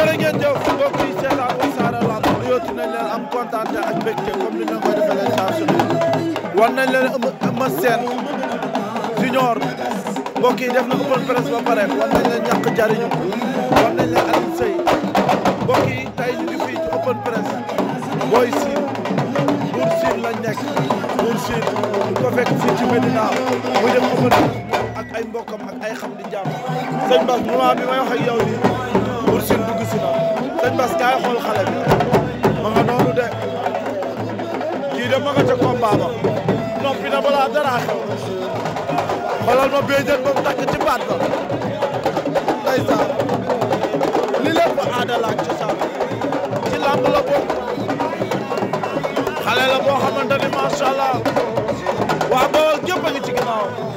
jërë ngeen jëf mbokk yi seetaan Wassare Lamb yooti nañ leen am kontaan ak mbégte comme ni leen koy defee saa su ne war nañ def na open press ba pare war nañ leen ñàkk jariñu war nañ leen Alioune Seye mbokk yi tey ñu ngi fii ci open press booy siin buur siin lañ nekk buur siin du ko fekk fii ci Medina muy def open press ak ay mbokkam ak ay xam di jàmm sëñ Bass moment bi may wax ak yow nii Bour Sine dugg si na sëñ xale bi ma nga noonu de kii ma nga ca combat ba noppi na balaa dara xew ma béjjën ba takk ci baat ba ndeysaan li lépp aada la ak ci làmb la bokk xale boo xamante ni macha allah waa Bawol a ci ginnaaw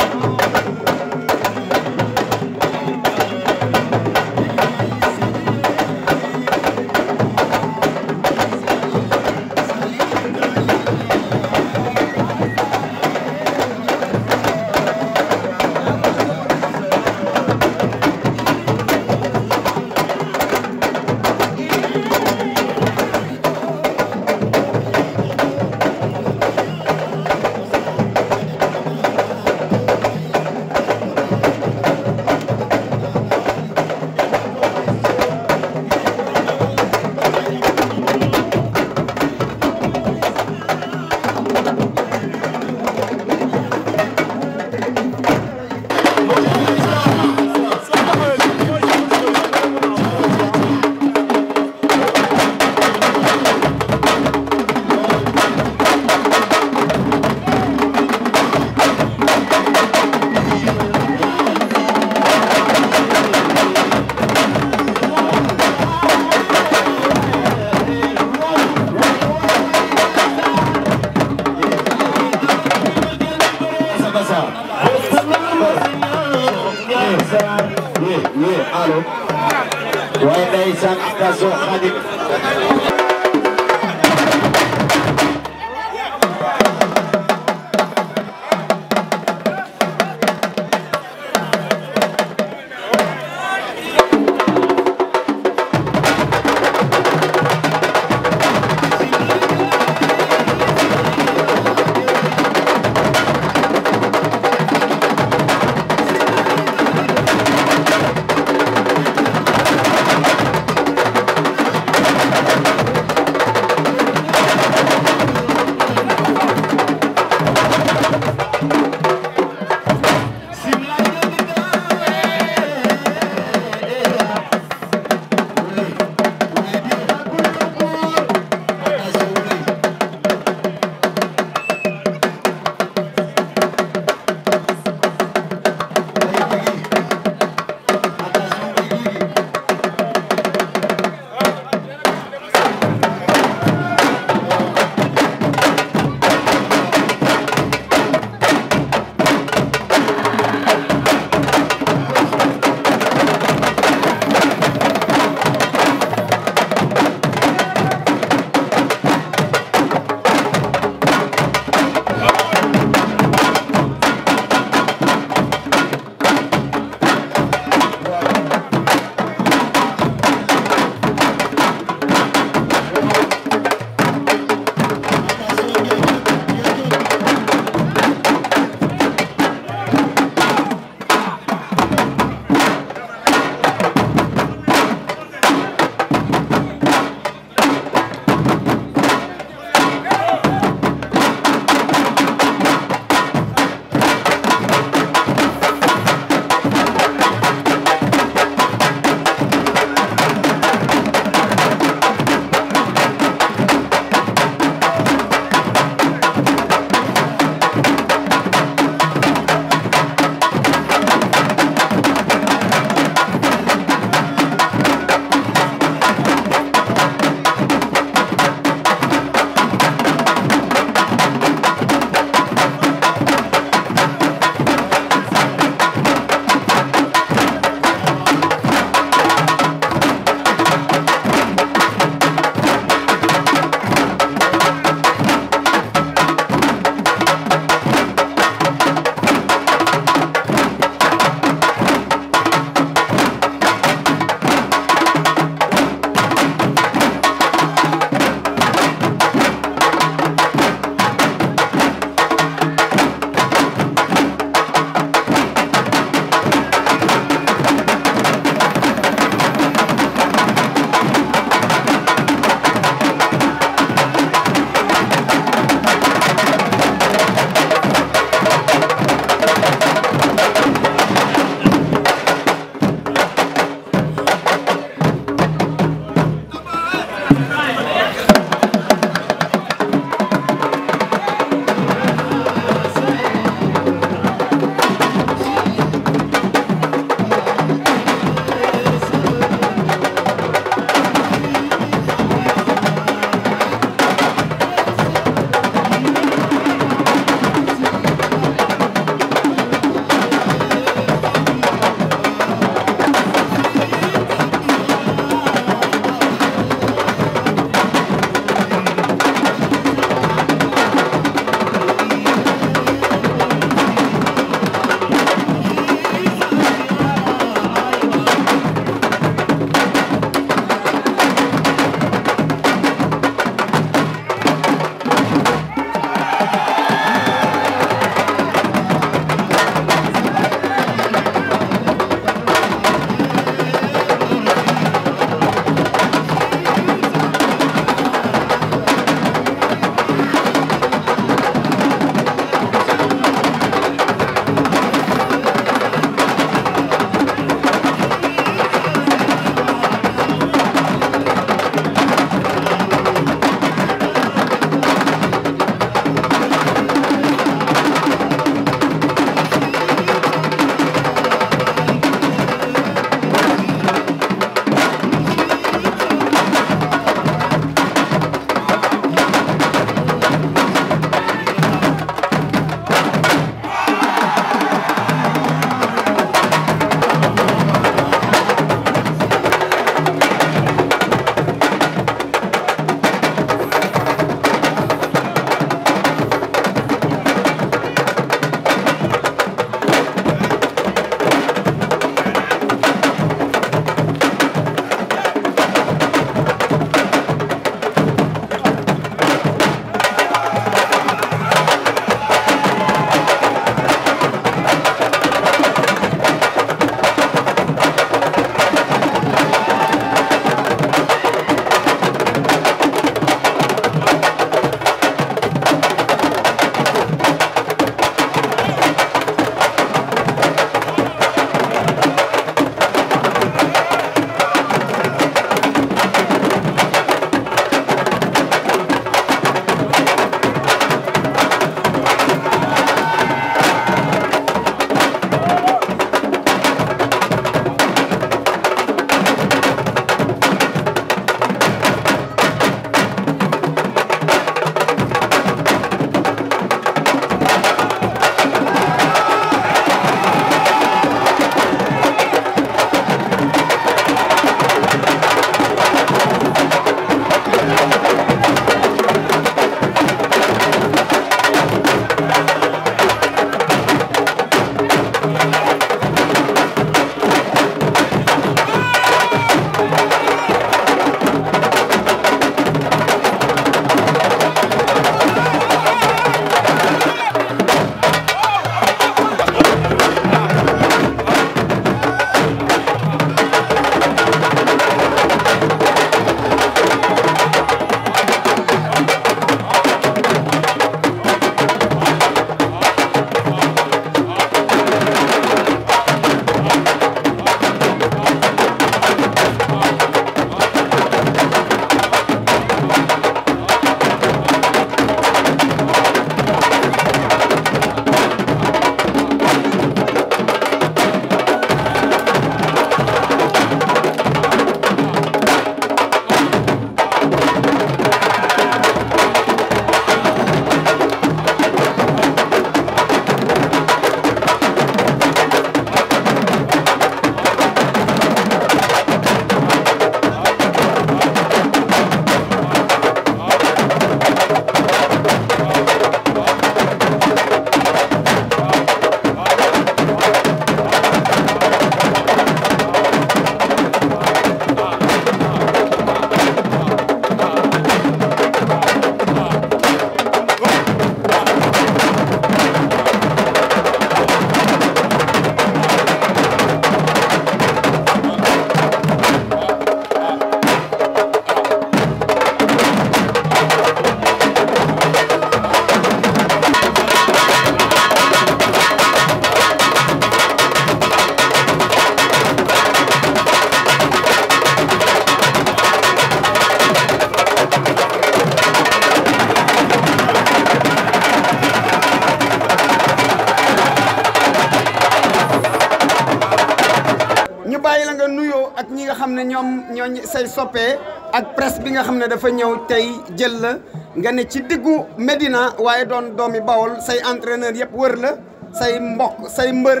ak ñi nga xam ne ñoom ñoo say soppee ak presse bi nga xam ne dafa ñëw tey jël la nga ne ci diggu Medina waaye doon doomi Bawol say entraîneur yëpp wër la say mbokk say mbër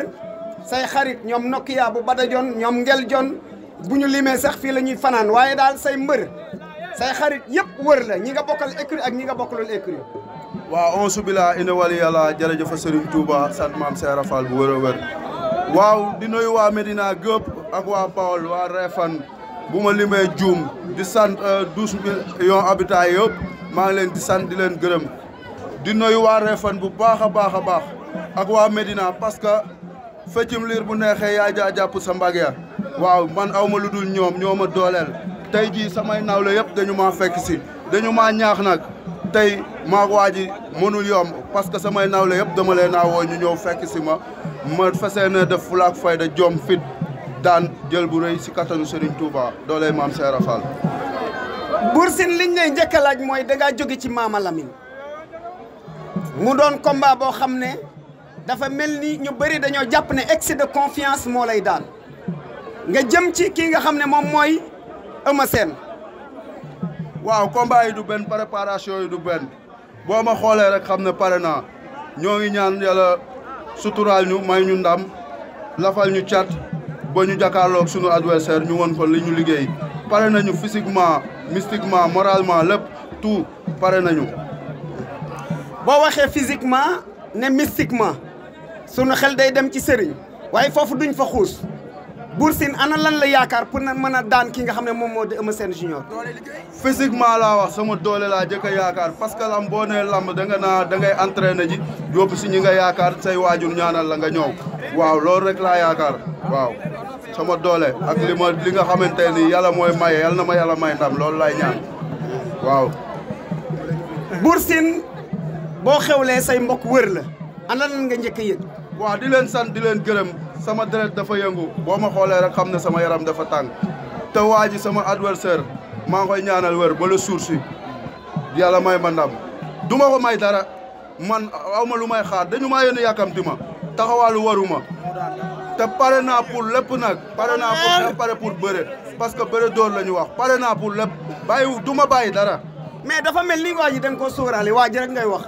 say xarit ñoom Nokia bu Badajon ñoom Ngel Jon bu ñu limee sax fii la ñuy fanaan waaye daal say mbër say xarit yëpp wër la ñi nga bokkal écurie ak ñi nga bokkalul écurie waaw on subila ina wali yàlla jërëjëf Serigne Touba sant maam Seera Fall bu wër a wër waaw di noyu waa Medina gépp ak waa Bawol waa Refan bu ma limee juum di sant euh, douze millions habitants yëpp maa ngi leen di sant di leen gërëm di noyu waa Refan bu baax a baax a baax ak waa Medina parce que feccum liir bu neexee yaa jaa jàpp sa mbag ya waaw man aw ma lu dul ñoom ñoo ma dooleel tey jii samay nawle yëpp dañu maa fekk si dañu maa ñaax nag tey maag waa ji mënul yomb parce que samay nawle yëpp dama leen naa ñu ñëw fekk si ma ma fesee ne def fulaak fayda jom fit daan jël bu rëy si kattanu Serigne Touba doolee maam Seera Fall Bour Sine liñ lay mooy dangaa jóge ci Mama Lamine mu doon combat boo xam ne dafa mel ni ñu bëri dañoo jàpp ne excès de confiance moo lay daan nga jëm ci kii nga xam ne moom mooy Eumeu waaw combat du benn préparation yi du benn boo ma xoolee rek xam ne pare na ñoo ngi ñaan yàlla suturaal ñu may ñu ndam lafal ñu cat ba ñu jàkkaarloog suñu adversaire ñu won ko li ñu liggéey pare nañu physiquement mystiquement moralement lépp tout pare nañu. boo waxee physiquement ne mystiquement sunu xel day dem ci sëriñ waaye foofu duñ fa xuus. Bour Sine ana lan la yaakaar pour na mën a daan ki nga xam ne moom moo di Eumeu Sène junior. physiquement laa wax sama doole laa jëkk a yaakaar parce que lam boo nee lamb da naa da ngay entraîné ji yóbbu si ñi nga yaakaar say waajur ñaanal la nga ñëw waaw loolu rek laa yaakaar waaw sama doole ak li ma li nga xamante ni yàlla mooy maye yàlla na ma yàlla may ndam loolu laay ñaan waaw. Bour Sine boo xewlee say mbokk wër la ana lan nga njëkk a yëg. waaw di leen sant di leen gërëm. sama deret dafa yëngu boo ma xoolee rek xam na sama yaram dafa tàng te waa ji sama adversaire maa ngi koy ñaanal wér ba le suur si yàlla may ma ndam du ma ko may dara man aw ma lu may xaar dañu maa yónni yàkkamti ma taxawaalu waruma te pare naa pour lépp nag pare naa pour lépp pare pour bëre parce que bëre dóor la ñu wax pare naa pour lépp bàyyi du ma bàyyi dara mais dafa mel ni waa ji da nga ko sóoraale waa ji ngay wax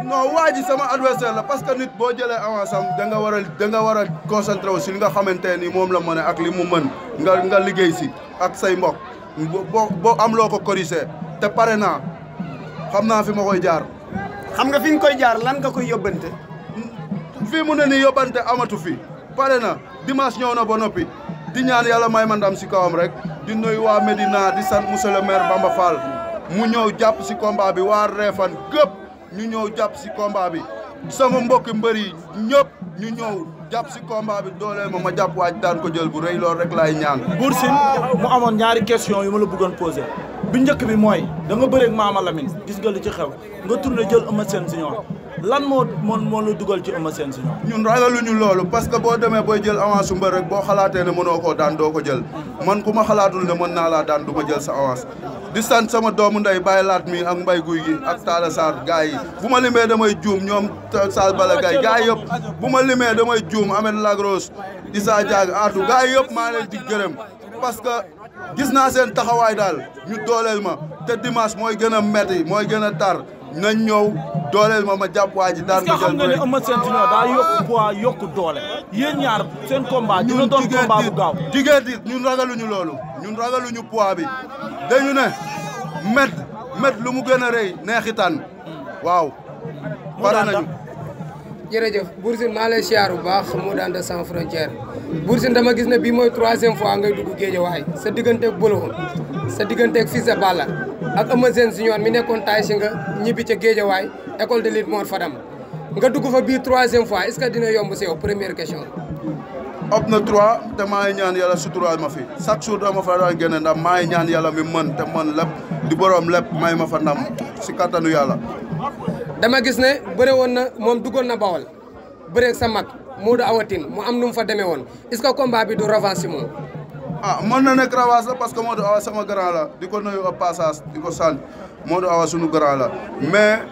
non waa ji sama adversaire la parce que nit boo jëlee avance am da nga war a da nga war a concentré wu si xamante ni moom la mën ak li mu mën nga nga liggéey si ak say mbokk boo boo am loo ko corrigé te pare naa xam naa fi ma koy jaar. xam nga fi nga koy jaar lan nga koy yóbbante. fii mu ne nii yóbbante amatu fi pare na dimanche ñëw na ba noppi di ñaan yàlla may ma ndam si kawam rek di noy waa Médina di sant monsieur le maire Bamba Fall mu ñëw jàpp si combat bi waa Réfane ñu ñëw jàpp si combat bi sama mbokki mbëri yi ñëpp ñu ñëw jàpp si combat bi dooleel ma ma jàpp waaj daan ko jël bu rey loolu rek laay ñaan. Bour Sine mu amoon ñaari question yi ma la bëggoon posé. bu njëkk bi mooy da nga bëreeg ma Lamine gis nga li ci xew nga tourné jël Eumeu Sène Junior lan moo moo moo la dugal ci Eumeu Sène Junior ñun ragaluñu loolu parce que boo demee booy jël avance su mbër rek boo xalaatee ne mënoo koo daan doo ko jël man ku ma xalaatul ne mën naa laa daan du ma jël sa avance di sant sama doomu ndey bàyyi laat mi ak mbay guy gi ak Talla Sarr gars yi bu ma limee damay juum ñoom Sall Bala Gaye gars yi yëpp bu ma limee damay juum Ahmed Lagros Issa Diagne Atou gars yi yëpp maa leen di gërëm gis naa seen taxawaay daal ñu dooleel ma te dimanche mooy gën a metti mooy gën a tar na ñëw dooleel ma ma jàpp waa ji daan ma jël nga ne Eumeu yokk poids yokk doole yéen ñaar seen combat dina doon combat bu gaaw jigéen it ñun ragaluñu loolu ñun ragaluñu poids bi dañu ne met met lu mu gën a rëy neexitaan waaw pare nañu jërëjëf Bour Sine maa lay siyaar bu daan de Bour Sine dama gis ne bii mooy troisième fois ngay dugg géejawaay sa digganteeg Bolokho sa digganteeg Fils de Balla ak Eumeu Sène Junior mi nekkoon taay si nga ñibbi ca géejawaay école de lutte Mor Fadam nga dugg fa bii troisième fois est que dina yomb si yow première question. op na trois te maa ngi ñaan yàlla suturaal ma fi chaque jour dama fa daan génne ndam maa ngi ñaan yàlla mi mën te mën lépp di borom lépp may ma fa ndam si kattanu yàlla. dama gis ne bëre woon na moom duggoon na Bawol. bëreeg sa mag Modou Awatine mu am nu mu fa demee woon est-ce que combat bi du revanche si moom. ah mën na nekk revanche la parce que Modou Awa sama grand di ko nuyu au passage di ko sant Modou Awa sunu grand la mais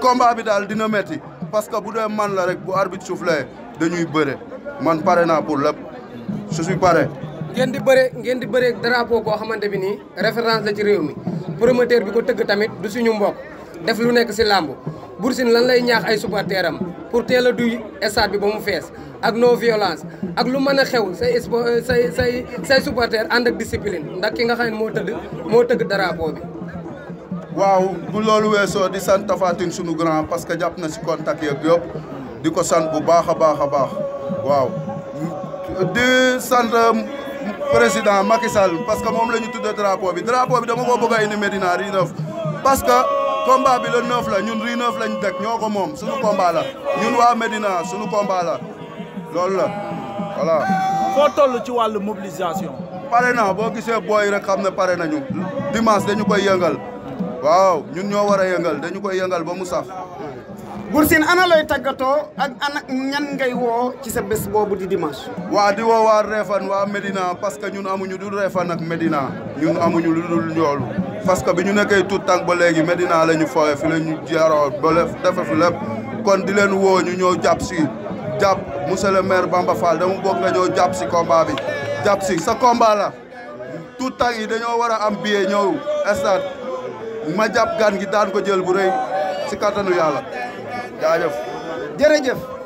combat bi daal dina metti parce que bu dee man la rek bu arbitre soufflé dañuy bëre man pare naa pour lépp pare. ngeen di bëre ngeen di bëre drapeau boo xamante bi nii référence la ci réew mi promoteur bi ko tëgg tamit du suñu mbokk. def lu nekk si làmb Bour Sine lan lay ñaax ay supporters am pour teel a duy stade bi ba mu fees ak non violence ak lu mën a xew say say say say supporters ànd ak discipline ndax ki nga xam ne moo tëdd moo tëgg drapeau bi. waaw bu loolu weesoo di sant Tafatine sunu grand parce que jàpp na si contact yeeg yëpp di ko sant bu baax a baax a baax waaw. di sant président Macky Sall parce moom la ñu tuddee drapeau bi drapeau bi dama ko bëgg indi Medina Rinaf parce que. combat bi le 9 la ñun Rue 9 lañ dëkk ñoo ko moom suñu combat ñun waa Médina suñu combat la loolu la voilà. foo toll ci wàllu mobilisation. pare na boo gisee booy rek xam ne pare nañu dimanche dañu koy yëngal waaw ñun ñoo war a yëngal dañu koy yëngal ba mu saf. Bour Sine ana looy tàggatoo ak ana ñan ngay woo ci sa bés boobu di dimanche. waa di woo waa Réfane waa Médina parce que ñun amuñu du Réfane nak Médina ñun amuñu lu dul njoolu. parce que bi ñu nekkee tout tànk ba léegi Medina la ñu foyee fi la ñu jaroo ba defe fi lépp kon di leen woo ñu ñëw jàpp si jàpp monsieur le maire Bamba Fall dama bëgg nga ñëw jàpp si combat bi jàpp si sa combat la tout tànk yi dañoo war a am billet ñëw stade ma jàpp gan gi daan ko jël bu rëy si kattanu yàlla jaajëf jërëjëf